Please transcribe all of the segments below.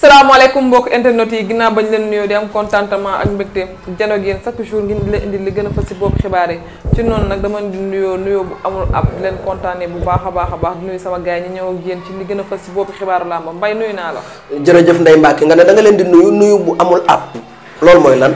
salaamaaleykum mbokk internet yi ginnaaw bañ leen nuyoo di am contentement ak mbégte jano ak yéen chaque jour ngeen di leen indi li gën a fës si bopp xibaar yi ci noonu nag dama di nuyoo nuyoo bu amul ab leen kontaanee bu baax a baax a baax di nuyu sama gars yi ñëw ak yéen ci li gën a fës si bopp xibaaru làmb mbay nuyu naa la. jërëjëf Ndeye Mbacke nga ne danga leen di nuyu nuyu bu amul ab loolu mooy lan.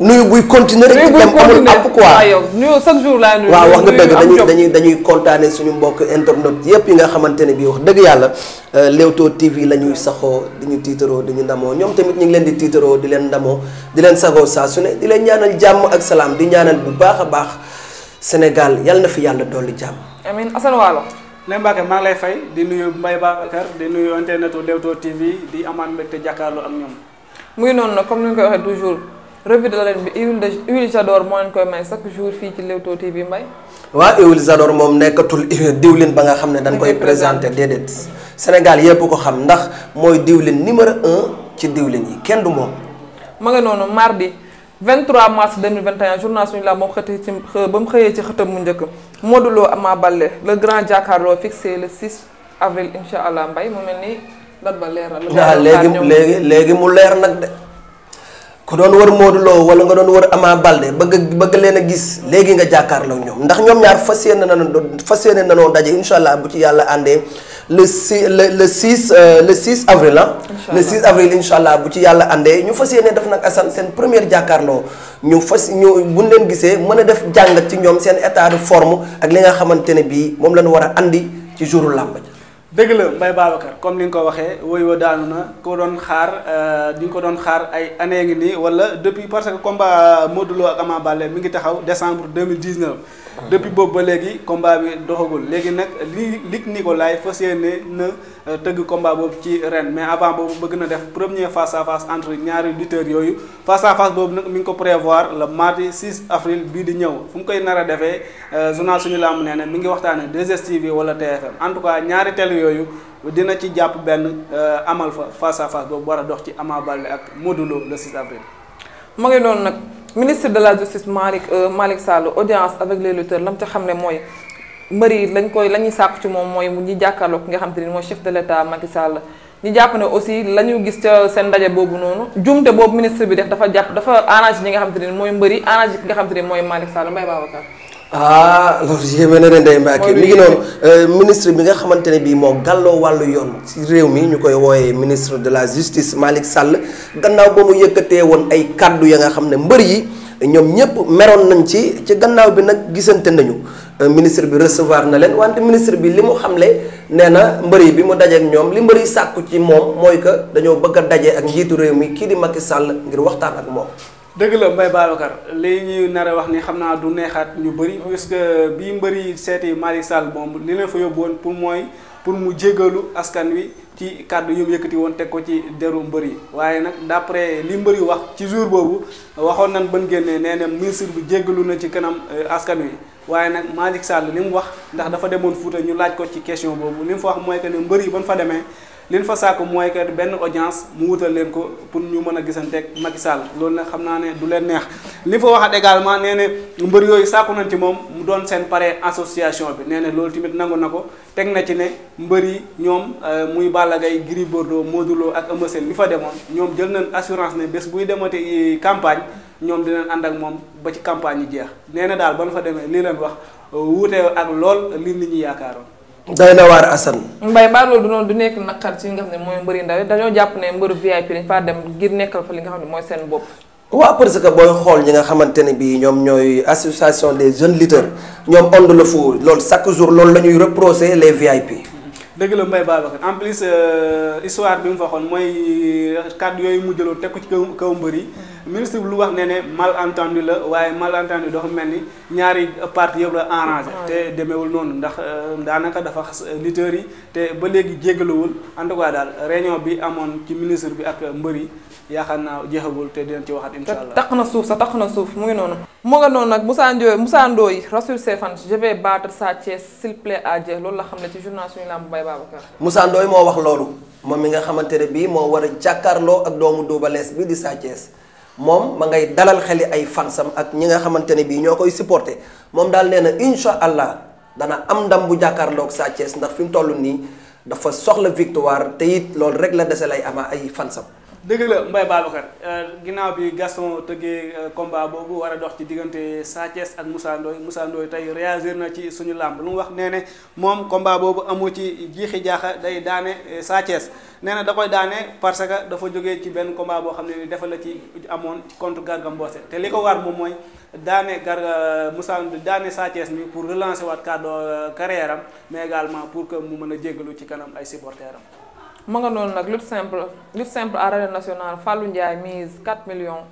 nuyu buy continuer rek dem amul app quoi ah, nuyu chaque jour laa nuyu waaw wax nga dëgg dañuy dañuy dañuy kontaane suñu mbokk internet yépp yi nga xamante ne bii wax dëgg yàlla euh, Leewtoo TV la ñuy saxoo di ñu tiitaroo di ñu ndamoo ñoom tamit ñu ngi leen di tiitaroo di leen ndamoo di leen saxoo saa su ne di leen ñaanal jàmm ak salaam di ñaanal bu baax a baax Sénégal yàlla na fi yàlla dolli jàmm amiin Assane Waalo ne Mbacke maa ngi lay fay di nuyu Mbaye Babacar di nuyu internetu Leewtoo TV di amaan mbégte jàkkaarloo ak ñoom muy noonu nag revue de l'arène bi huile de huile Jador moo leen koy may chaque jour fii ci Leewtoo TV Mbaye. waaw huile Jador moom nekkatul diwlin ba nga xam ne dañ koy présenté déedéet. Sénégal yépp ko xam ndax mooy diwlin numéro un ci diwlin yi kenn du moom. ma nga noonu mardi 23 mars 2021 journal suñu laa moom xëy ci ba mu xëyee ci xëtam mu njëkk Modou Lo Ama Baldé le grand jàkkaarloo fixé le 6 avril incha allah mbay mu mel ni date ba leer na. Ah, léegi léegi léegi mu leer nag de. ku doon wër Modou Lo wala nga doon war Ama Balde bëgg bëgg leen a gis léegi nga jàkkaarloo ñoom ndax ñoom ñaar fas yéene na fas yéene nanoo daje incha allah bu ci yàlla àndee le si le le 6 euh, le 6 avril la le 6 avril incha allah bu ci yàlla àndee ñu fas yéene def nag Assane seen première jàkkaarloo ñu fas ñu buñ leen gisee mën a def jàngat ci ñoom seen état de forme ak li nga xamante ne bii moom la ñu war a andi ci jouru làmb ji dëgg la Mbaye Babacar comme ni nga ko waxee woy wa daanu na ko doon xaar euh, di nga ko doon xaar ay année ngi nii wala depuis parce que combat Modou Lo ak Ama Baldé mi ngi taxaw décembre 2019 depuis boobu ba léegi combat bi doxagul léegi nag li Luc Nicolaï fas yéene na euh, tëgg combat boobu ci ren mais avant boobu bëgg na def premier face à face entre ñaari lutteurs yooyu face à face boobu nag mi ngi ko prévoir le mardi 6 avril bii di ñëw fu mu koy nar a defee euh, journal suñu laamu nee na mi ngi waxtaane 2STV wala TFM en tout cas ñaari télé yooyu dina ci jàpp benn euh, amal fa face à face boobu war a dox ci Ama Baldé ak Modou la le 6 avril. ma ngi noonu ministre de la justice Malick euh, Malick Sall audience avec les lutteurs lam ca xam ne mooy mbëri yi lañ koy la ñuy sàkk ci moom mooy ñi jàkkaarloo ki nga xam ne ni mooy chef de l' état Macky Sall ñu jàpp ne aussi la ñu gis ca seen ndaje boobu noonu jumte boobu ministre bi def dafa jàpp dafa arrangé ñi nga xam te ni mooy mbëri arrangé ki nga xam te ni mooy Malick Sall Mbaye Babacar ah loolu yéeme na ne Ndeye Mbacke mi ngi noonu euh, ministre bi nga xamante ne bii moo gàlloo wàllu yoon ci réew mi ñu koy wooyee ministre de la justice Malick sàll gannaaw ba yëkkatee woon ay kàddu ya nga xam ne mbër yi ñoom ñëpp meroon nañ ci ci gannaaw bi nag gisante nañu euh, ministre bi recevoir na leen wante ministre bi li mu xamle nee na mbër yi bi mu daje ñoom li mbër yi sàkku ci moom mooy que dañoo bëgg a daje ak jiitu réew mi kii di Macky Sall ngir waxtaan ak moom. dëgg la Mbaye Babacar li ñuy nar a wax ni xam naa du neexaat ñu bëri puisque bii mbëri seeti Malick Sall boobu li leen fa yóbbu woon pour mooy pour mu jégalu askan wi ci kàddu yu mu yëkkati woon teg ko ci deru mbër waaye nag d'après li mbër wax ci jour boobu waxoon nañ ban génnee nee na ministre bi jéggalu na ci kanam euh, askan wi waaye nag Malick Sall li mu wax ndax dafa demoon Fuuta ñu laaj ko ci question boobu li mu fa wax mooy que ne mbër yi ban fa demee leen fa sàkk mooy que benn audience mu wutal leen ko pour ñu mën a gisanteeg Macky Sall loolu nag xam naa ne du leen neex li fa waxat également nee ne mbër yooyu sàkku nañ ci moom mu doon seen pare association bi nee ne loolu tamit nangu na ko teg na ci ne mbër yi ñoom euh, muy Balla Gaye Gris Bordeaux Modou ak Eumeu Sène li fa demoon ñoom jël nañ assurance ne bés buy demate euh, campagne ñoom di leen ànd ak moom ba ci campagne yi jeex nee na daal ba nu fa demee lii leen wax wuute ak lool li nit ñi yaakaaroon day na waar Assane. Mbaye mbaa loolu du noonu du nekk naqar ci nga xam ne mooy mbëri ndaw dañoo jàpp ne mbëru VIP dañ faa dem ngir nekkal fa li nga xam ne mooy seen bopp. waaw parce que booy xool ñi nga xamante ne bii ñoom ñooy association des jeunes lutteurs ñoom ond la fu lool chaque jour loolu la ñuy reprocher les VIP. dëgg la Mbaye Babacar en plus euh, histoire bi mu waxoon mooy euh, kàddu yooyu mu jëloo teg ci kaw kaw mbëri yi. ministre bi lu wax ne ne malentendu la waaye malentendu dafa mel ni ñaari parti yëpp la arrangé te demeewul noonu ndax euh, daanaka dafa xas lutteurs yi te ba léegi jéggaluwul en tout daal réunion bi amoon ci ministre bi ak mbër yi yaakaar naa jeexagul te dinañ ci waxaat incha allah taq na suuf sa taq na suuf mu ngi noonu mu nga noonu nag Moussa Ndoye Moussa Ndoye rassure ses fans je vais s'il plaît à Dieu loolu la xam ne ci journal suñu lamb Baye Babacar Moussa moo wax loolu moom mi nga xamante ne bii moo war a jàkkaarloo ak doomu Double di Sa Thiès moom ma ngay dalal xeli ay fansam ak ñi nga xamante ne bii ñoo koy supporté moom daal nee na incha allah dana am ndam bu jàkkaarloog sàccees ndax fi mu toll nii dafa soxla victoire te it loolu rek la dese lay amaa ay fansam. dëgg la Mbaye Babacar euh, ginnaaw bi Gaston tëggee euh, combat boobu war a dox ci diggante Sa ak Moussa Ndoye tey réagir na ci suñu làmb lu mu wax nee ne moom combat boobu amu ci jiixi jaaxa day daane euh, Sa nee na da koy daane parce que dafa jóge ci benn combat boo xam ne ni dafa la ci amoon ci contre Garga Mbossé te li ko war moom mooy daane Garga Moussa daane Sa Thiès mi pour relancer waat kàddu carrière am mais également pour que mu mën a jéggalu ci kanam ay supporters am mu nga noonu nag lu simple lutte simple arène nationale Fallou Ndiaye mise 4 millions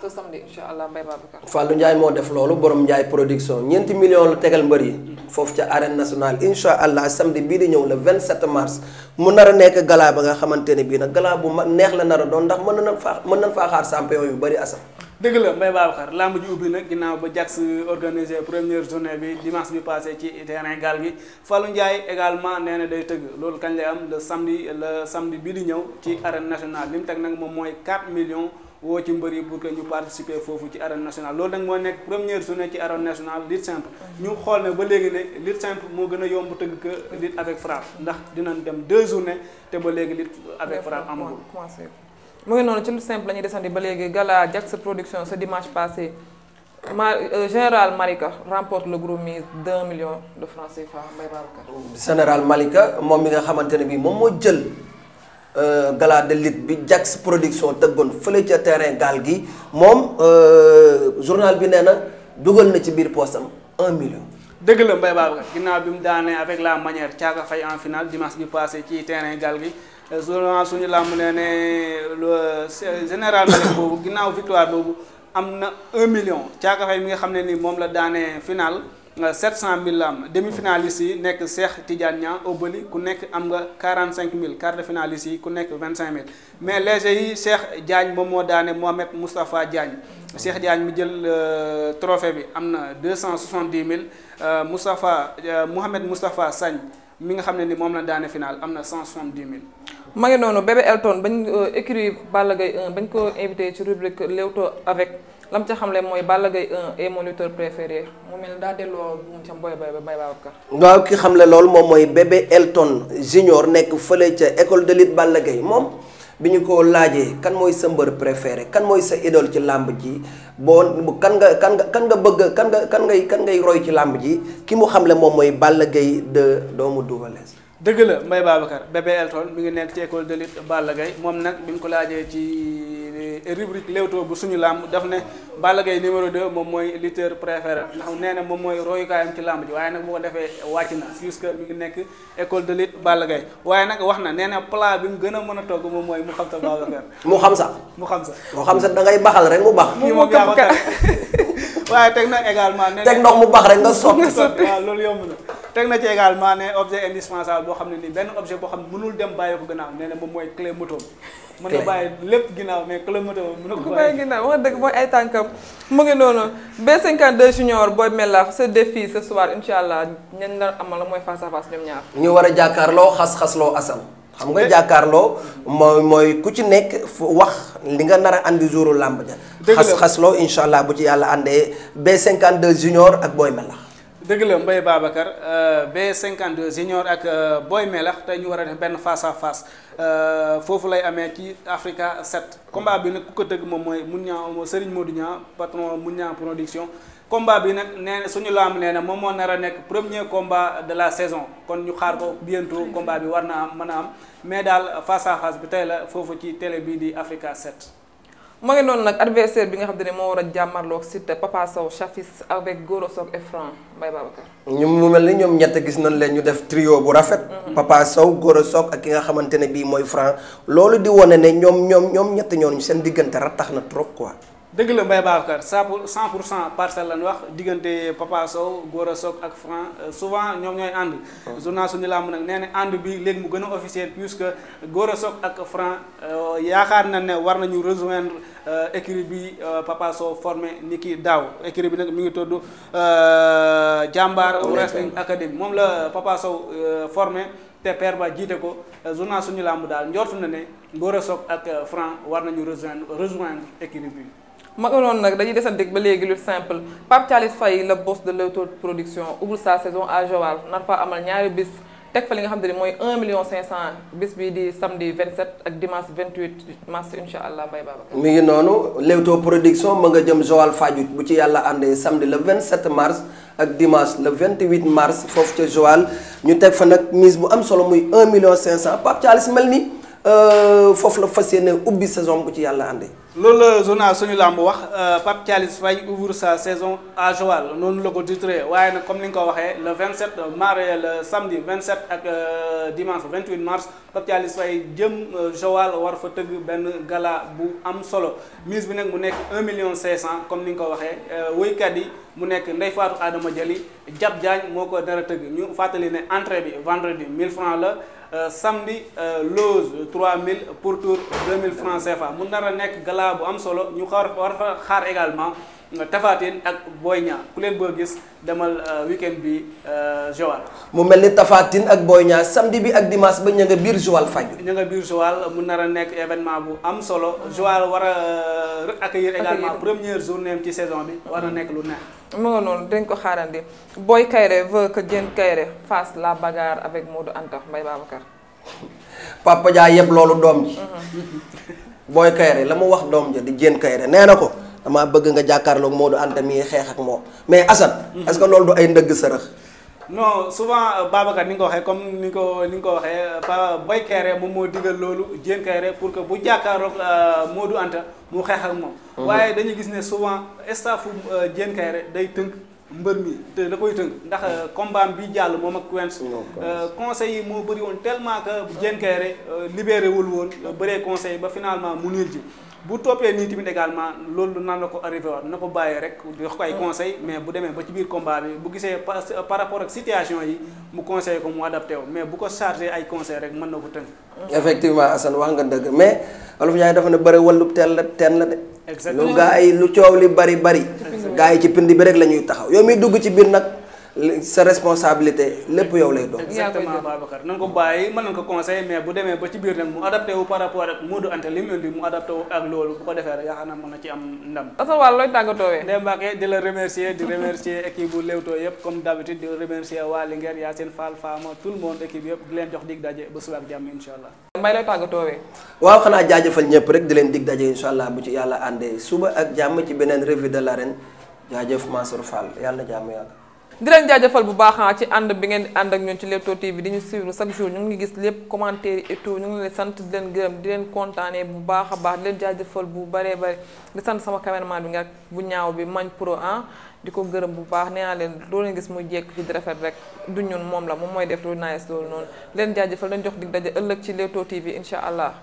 ce samedi incha allah Mbaye Babacar. Fallou moo def loolu borom Ndiaye production ñeenti millions la tegal mbër yi. foofu ca arène nationale incha allah samedi bii di ñëw la le 27 mars mu nar a nekk gala ba nga xamante ne bii nag gala bu ma neex la nar a doon ndax mën na faa mën nañ faa xaar champion yu bëri asam. dëgg la Mbaye Babacar làmb ji ubbi nag ginnaaw ba Jax organisé première journée bi dimanche bi passé ci terrain gaal gi Fallou Ndiaye également nee na day tëgg loolu kañ lay am le samedi le samedi bi di ñëw ci arène nationale li mu teg nag moom mooy 4 millions woo ci mbër yi pour que ñu participer foofu ci arène nationale loolu nag moo nekk première journée ci arène nationale lutte simple ñu xool ne ba léegi ne liit simple moo gën a yomb tëgg que lutte avec frappe ndax dinañ dem deux journées te ba léegi lutte avec frappe amagul mu ngi noonu ci lu simple la ñuy desandi ba léegi gala Jax production ce dimanche passé ma euh, général Malika remporte le gros mise 2 million de francs CFA Mbaye Babacar. général Malika moom mi nga xamante ne bii moom moo jël euh, gala de lutte bi Jax production tëggoon fële ca terrain gaal gi moom euh, journal bi nee na dugal na ci biir poosam 1 million. dëgg la Mbaye Babacar ginnaaw bi mu daanee avec la manière Thiaka Faye en finale dimanche bi passé ci terrain gaal gi. Eh, souvent suñu làmb nee ne général Malick boobu ginnaaw victoire boobu am na 1 million Thiaka Faye mi nga xam ne ni moom la daane final 700000 euh, la am demi-finaliste yi nekk Cheikh Tidiane Niang Obali ku nekk am nga 45000 quart de finaliste yi ku nekk 25000 mais léger yi Cheikh Diagne moom moo daane Mohamed Moustapha Diagne Cheikh Diagne mi jël euh, trophée bi am na deux cent 270000 euh, Moustapha Mohamed Moustapha Sagne. mi nga xam ne ni moom la daane final am na cent soixante-dix mille ma ngi noonu bébé Elton bañ euh, écrit Balla Gaye bañ ko invité ci rubrique Leewtoo avec lam ca xam le mooy Balla gay 1 et mon lutteur préféré mu mel daa delloo bu mu ca Boy Boy Baye Babacar waaw ki xamle loolu moom mooy bébé Elton junior nekk fële ca école de lutte Balla Gaye moom bi ñu ko laajee kan mooy sa mbër préféré kan mooy sa idole ci làmb ji boo kan nga kan nga kan nga bëgg kan nga kan ngay kan ngay roy ci làmb ji ki mu xamle moom mooy Balla Gaye de doomu Double Less dëgg la Mbaye Babacar Bébé Elton mi ngi nekk ci école de lutte Balla moom nag bi ñu ko laajee ci rubrique Leewtoo bu suñu làmb def ne Balla Gaye numéro 2 moom mooy lutteur préféré ndax nee na moom mooy royukaayam ci làmb ji waaye nag bu ko defee wàcc na jusque mi ngi nekk école de lutte Balla Gaye waaye nag wax na nee na plat bi mu gën a mën a togg moom mooy mu xam sa Babacar mu xam sa mu xam sa mu xam sa da ngay baxal rek mu bax kii moom yaa waaye teg na également nee na teg ndox mu bax rek nga sotti waaw loolu yomb na teg na ci également ne objet indispensable boo xam ne nii benn objet boo xam ne mënul dem bàyyi ko gannaaw nee moom mooy clé moto bi mën lépp ginnaaw mais clé moto bi mën na ko bàyyi ginnaaw wax dëgg mooy ay tànkam mu ngi noonu B52 junior Boy Melax ce défi ce soir incha allah ñen amala mooy face à face ñoom ñaar ñu war a jàkkaarloo xas-xasloo asal xam nga jàkkaarloo mooy mooy ku ci nekk wax li nga nar a andi jouru làmb ja xas-xasloo incha allah bu ci yàlla àndee B52 junior ak Boy Melax dëgg la Mbaye Babacar cinquante euh, 52 junior ak euh, Boy Melax tey ñu war a def benn face à face euh, foofu lay amee ci Africa 7 combat bi nag ku ko tëgg moom mooy mun ñaa moo Serigne Modou patron mun ñaa production combat bi nag nee na suñu laam nee na moom moo nar a nekk premier combat de la saison kon ñu xaar ko bientôt combat bi war na am mën a am mais daal face à face bi tey la foofu ci tele bii di Africa 7 moo ngi noonu nag adversaire bi nga xam te ne moo war a jàmmarloo Siteu Papa Sow Chafis avec Goro Sock et Franc Mbaye Babacar. ñu mu mel ni ñoom ñett gis nañ leen ñu def trio bu rafet. Mhm. Papa Sow Goro Sock ak ki nga xamante ne bii mooy Franc loolu di wane ne ñoom ñoom ñoom ñett ñu seen diggante ratax na trop quoi. dëgg la Mbaye Babacar cent pour cent pour cent parcelle lañ wax diggante Papa Sow Gora Sock ak Franc euh, souvent ñoom ñooy ànd. Oh. journal suñu làmb nag nee na ànd bi léegi mu gën a officiel puisque Gora Sock ak Franc euh, yaakaar na ne war nañu rejoindre euh, écurie bi Papa Sow formé ni ki daaw écurie bi nag mi ngi tudd Jàmbaar oh, Wrestling Academy moom la Papa Sow formé. te père ba jiite ko journal suñu làmb daal njortu na ne Gora Sock ak Franc war nañu rejoindre rejoindre équipe bi maka noonu nag dañuy desanteeg ba léegi lutte simple Pape Thialis Faye la boss de l'autoproduction ouvre sa saison à Joal ñaari bis teg fa li nga xam te ni mooy 1 million 500 bis bii di samedi 27 ak dimanche 28 mars incha allah bay Babacar. mi ngi noonu Leewtoo production ma nga jëm Joal Fadiouth bu ci yàlla àndee samedi le 27 mars ak dimanche le 28 mars foofu ca Joal ñu teg fa nag mise bu am solo muy 1 million 500 Pape Thialis mel ni euh, foofu la fas yéene ubbi saison bu ci yàlla àndee. loolu la journal suñu làmb wax euh, Pape Thialis Faye ouvre sa saison à Joal noonu la ko titré waaye nag comme ni nga ko waxee vingt 27 mars euh, le samedi 27 ak euh, dimanche 28 mars Pape Thialis Faye jëm Joal war fa tëgg benn gala bu am solo mise bi nag mu nekk 1 million cent comme ni nga ko waxee woykat yi mu nekk ndey faatu aadama Dialy Diab Diagne moo ko dara tëgg ñu fàttali ne entrée bi vendredi mille francs la. Euh, euh, euh, mille pour tour pourtour mille francs fa mu nar a nekk gala bu am solo ñu xaar war fa xaar également Tapha Tine ak Boy Niang ku leen bëgg gis demal euh, weekend bi euh, Joal. mu mel ni Tapha ak Boy Niang samedi bi ak dimanche ba ña biir Joal faju ña nga biir Joal mu na a nekk événement bu am solo Joal war a euh, ak accueillir également première journée ci saison bi war na nekk lu neex. mu nga noonu dañ ko xaarandi Boy Kayré veut que Diène Kayré fasse la bagarre avec Modou Anta Mbaye Babacar. papa Dia yëpp loolu doom ji. Mhm. Boy Kayré la mu wax doom ja di Diène Kayré nee na ko. damaa bëgg nga jàkkaarloog Modou Anta mi xeex ak moom mais Assane. Mm-hmm. est-ce que loolu du ay ndëgg sërëx non souvent euh, Babacar ni nga ko waxee comme ni nga ko ni nga ko waxee ba euh, Boy Kéré moom moo digal loolu Diène pour que bu jàkkaaroog euh, Modou Anta mu xeex ak moom. Mm-hmm. waaye dañuy gis ne souvent staffu Diène Kéré day tënk mbër mi te da koy tënk ndax combat bi jàll moom ak Quench. conseil yi moo bëri woon tellement que Diène Kéré libéré wul woon bëree conseil ba finalement mu niil ji. bu toppee nii tamit également loolu nan la ko arrivé waat na ko bàyyi rek di wax ko ay conseil mais bu demee ba ci biir combat bi bu gisee par rapport ak situation yi mu conseillé ko mu adapté wu mais bu ko chargé ay conseil rek mën na ko tënk effectivement Assane wax nga dëgg mais Wolof Njaay dafa ne bëri wàllu teel la teen la de exactement lu gaa yi lu coow li bari bari gaa yi ci pind bi rek la ñuy taxaw yow miy dugg ci biir nag sa responsabilité lépp yow lay doon. exactement Babacar nan ko bàyyi mën nañ ko conseil mais bu demee ba ci biir nag mu adapté wu par rapport ak Modou Anta li mu indi mu adapté ak loolu bu ko defee rek yaakaar naa mën na ci am ndam. Assane Wala looy tàggatoowee. Ndeye di la remercier di remercier équipe bu Leewtoo yëpp comme d'habitude di remercier waa Linguère Yacine Fall Fama tout le monde équipe yëpp di leen jox dig daje ba suba ak jàmm incha allah. Mbaye looy tàggatoowee. waaw xanaa jaajëfal ñëpp rek di leen dig daje incha allah bu ci yàlla àndee suba ak jàmm ci beneen revue de l'arène jaajëf Mansour Fall yàlla na yàlla di leen jaajëfal bu baax ah, ci ànd bi ngeen ànd ak ñun ci Leewtoo TV di ñu suivre chaque jour ñu ngi gis lépp commentaire et tout ñu ngi leen sant di leen gërëm di leen kontaanee bu baax a baax di leen jaajëfal bu baree bare di sant sama cameraman bi nga bu ñaaw bi mañ pour ah di ko gërëm bu baax nee naa leen loo leen gis muy jekk ci di rafet rek du ñun moom la moom mooy def lu nice loolu noonu leen jaajëfal leen jox dig daje ëllëg ci Leewtoo TV incha allah.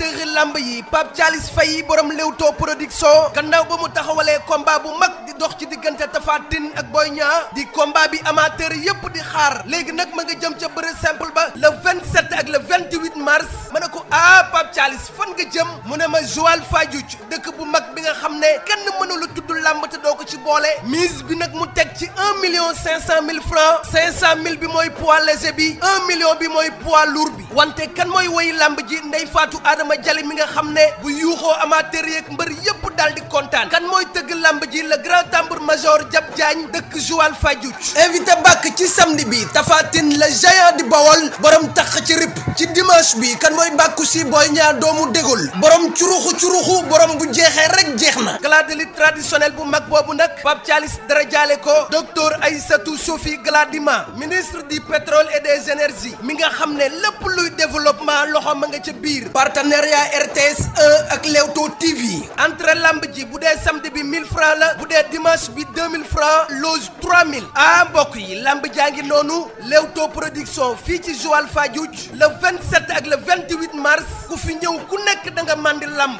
amateur làmb yi Pape Thialis Faye borom Leewtoo production gannaaw ba mu taxawalee combat bu mag di dox ci diggante Tapha Tine ak Boy ñaar di combat bi amateur yëpp di xaar léegi nag ma nga jëm ca bëre simple ba le 27 ak le 28 mars ma ne ko ah Pape Thialis fan nga jëm mu ne ma Joal Fadiouth dëkk bu mag bi nga xam ne kenn mënu la tudd lamb te doo ko ci boole mise bi nag mu teg ci 1 million 500 mille francs 500 mille bi mooy poids léger bi million bi mooy poids lourd bi wante kan mooy woy lamb ji Ndeye Fatou Ibrahima Jali mi nga xam ne bu yuuxoo amateur yeeg mbër yëpp daal di kontaan kan mooy tëgg lamb ji la grand tambour major Jab Diagne dëkk Joal Fadiouth invité bàkk ci samedi bi Tafatine le géant di Bawol borom tax ci rip ci dimanche bi kan mooy bàkku si booy ñaa doomu dégul borom curuxu curuxu borom bu jeexee rek jeex na galaadali traditionnel bu mag boobu nag Pape Thialis dara jaale ko docteur Aïssatou Sophie Gladima ministre du pétrole et des énergies mi nga xam ne lépp luy développement loxo ma nga ca partenariat RTS 1 e ak Leewtoo TV entrée lamb ji bu dee samedi bi mille francs la bu dee dimanche bi 2000 francs loge 3000 ah mbokk yi lamb jaa ngi noonu Leewtoo production fii ci Joal Fadiouth le 27 ak le 28 mars ku fi ñëw ku nekk danga nga màndi lamb